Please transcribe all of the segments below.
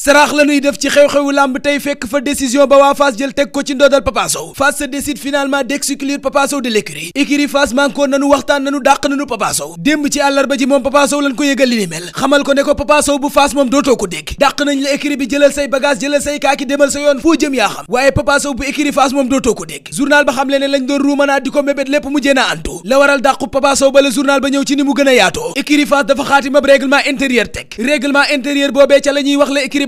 saraax la ñuy def ci xew-xewu làmb tey fekk fa décision ba waa Fass jël teg ko ci ndodal Papa Sow Fass décide finalement d'exclure Papa Sow de l'écurie écurie Fass mankoon nanu waxtaan nanu dàq nanu Papa démb ci àllarba ji moom Papa Sow ko yëgal li ni xamal ko ne ko Papa bu Fass moom dootoo ko dégg dàq nañ la écurie bi jëlal say bagage jëlal say kaaki demal sa yoon foo jëm yaa xam waaye Papa bu écurie Fass moom dootoo ko dégg journal ba ko mébét lépp a yaatoo écurie Fass dafa xaatimab règlement intérieur teg règlement intérieur boobee ca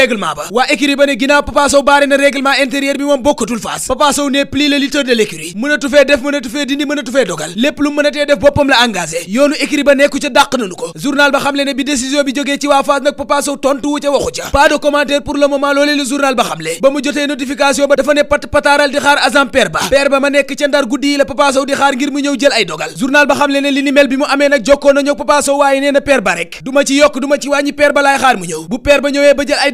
règlement waa écurie ba ne ginnaaw Papa baare na règlement intérieur bi moom bokkatul Fass Papa ne pli le leader de l'écurie mënatu fee def mënatu fee dindi mënatu fee dogal lépp lu mënatee def boppam la engagé yoonu écurie ba nekku ca dàq nañu ko journal ba xam ne bi décision bi jógee ci waa Fass nag Papa Sow ca waxu ca pas de commentaire pour le moment loolee le journal ba xam ba mu jotee notification ba dafa ne pat pataaral di xaar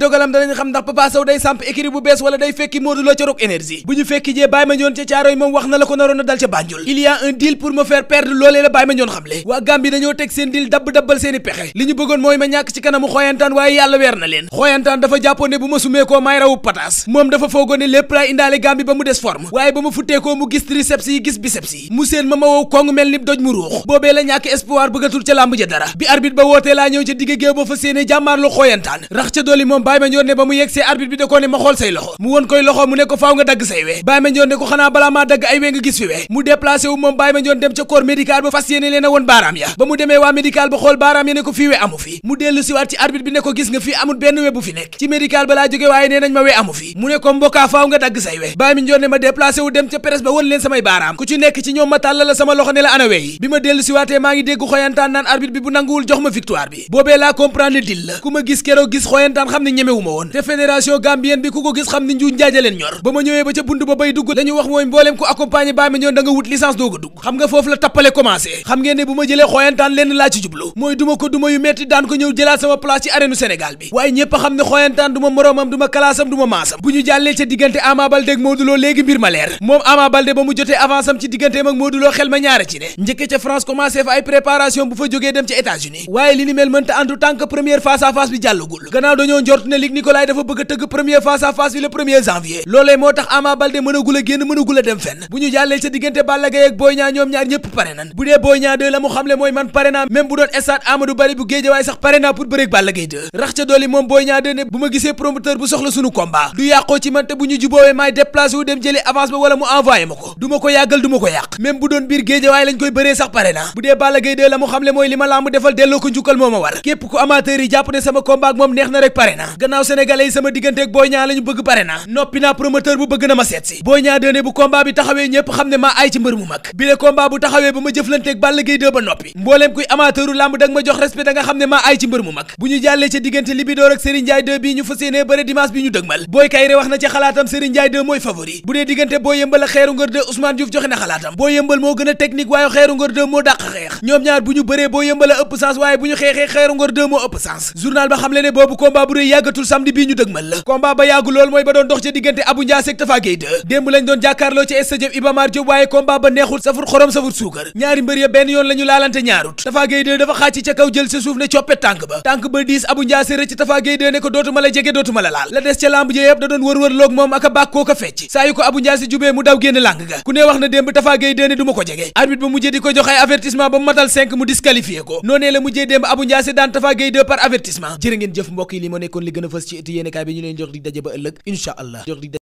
dogalam danañ xam ndax Papa Sow day samp écurie bu bees wala day fekki Modou Lo ca Rock Énergie bu ñu fekki jee Baye Mandione ca Caaroy moom wax na la ko naroon a dal ca Banjul il y a un deal pour me faire perdre loolee la Baye Mandione xamle waa Gambie dañoo teg seen deal dabb-dabbal seeni pexe li ñu bëggoon mooy ma ñàkk ci kanamu xooyantaan waaye yàlla weer na leen xooyantaan dafa jàppoon bu ma sumeekoo may rawu pataas moom dafa foogoon ni doj mu ruux la ñàkk espoir bëggatul ca làmb ja dara bi arbitre Baye ba mu a demee waa médical ba xool baaraam ya ne ko fii we amu fi mu dellu siwaat ci arbitre bi ne ko gis nga fii amul benn we bu fi nekk ci médical ba laa jóge waaye nee nañ ma we amu fi mu ne ko mbokaa faaw nga dagg say we Baye Mandione ne ma déplacé dem ca presse ba won leen samay baaraam ku ci nekk ci ñoom ma tàllal sama loxo ne la ana yi bi ma dellu siwaatee maa ngi dégg xoyantaan naan arbitre bi bu nanguwul jox victoire bi boobee laa comprendre ñemewu te fédération gambienne bi ku ko gis xam ni njuuj njaaja leen ñor ba ma ñëwee ba ca bunt ba bay dugg la wax mooy mbooleem ku accompagné Baye Mandione da wut licence doog a dugg xam nga foofu la tappale commencé xam ngeen ne bu ma jëlee xooyantaan lenn laa ci jublu mooy duma ko duma yu metti daan ko ñëw jëlaat sama place ci arène Sénégal bi waaye ñépp xam ne xooyantaan du moroomam du kalaasam du maasam bu ñu jàllee ca diggante Ama Baldé ak ne Luc Nicolaï dafa bëgg a tëgg premier face à face bi le premier janvier loolee moo tax Ama Baldé mënagul a génn mënagul a dem fenn bu ñu jàllee sa diggante Balla ak Boy Niang ñoom ñaar ñëpp pare nan bu dee Boy Niang 2 la mu xamle mooy man pare naa même bu doon stade Amadou Barry bu Guédiawaye sax pare naa pour bëreeg Balla Gaye rax ca dooli moom Boy Niang 2 ne bu ma gisee promoteur bu soxla sunu combat du yàqoo ci man te bu ñu juboowee maay déplacé wu gannaaw sénégalais yi sama diggante ak Boy Niang la bëgg pare na noppi naa promoteur bu bëgg na ma seet si Boy Niang dene bu combat bi taxawee ñëpp xam ne maa ay ci mbër mu mag bi le bu taxawee ba ma jëflante ak Balla Gaye 2 ba noppi mbooleem kuy amateuru làmb da ma jox respect da nga xam ne maa ay ci mbër mu mag bu ñu jàllee ca diggante Libidor ak Serigne Ndiaye 2 bii ñu fas yéenee bëre dimanche bi ñu dëgmal Boy Kayre wax na ci xalaatam Serigne Ndiaye 2 mooy favori bu dee diggante Boy Yëmbal ak Xeeru xalaatam Boy Yëmbal moo gën a technique waaye Xeeru Ngor 2 moo dàq xeex ñoom ñaar bu ñu bëree Boy a ëpp sens waaye bu moytul samedi bii ñu dëgmal la combat ba yàggu mooy ba doon dox ca diggante Abou Ndiasse ak démb lañ doon jàkkaarloo ci stade Iba Mar Diop waaye combat ba neexul safur xorom safur suukar ñaari mbër ya benn yoon la laalante ñaarut Tafa dafa xàcc ca kaw jël sa suuf ne coppe tànk ba tànk ba diis Abou Ndiasse rëcc Tafa ne ko dootuma la jege dootuma la laal la des ca lamb ja yëpp da doon wër-wër loog moom ak a bàkkoo ko a fës ci ëtt yéenekaay bi ñu leen jox di daje ba ëllëg incha allah jox di